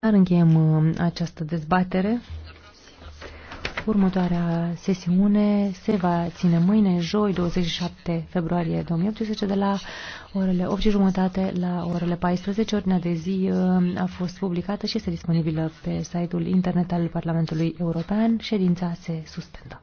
Dar încheiem uh, această dezbatere. Următoarea sesiune se va ține mâine, joi, 27 februarie 2018, de la orele 8 și jumătate la orele 14. Ordinea de zi uh, a fost publicată și este disponibilă pe site-ul internet al Parlamentului European. Ședința se suspendă.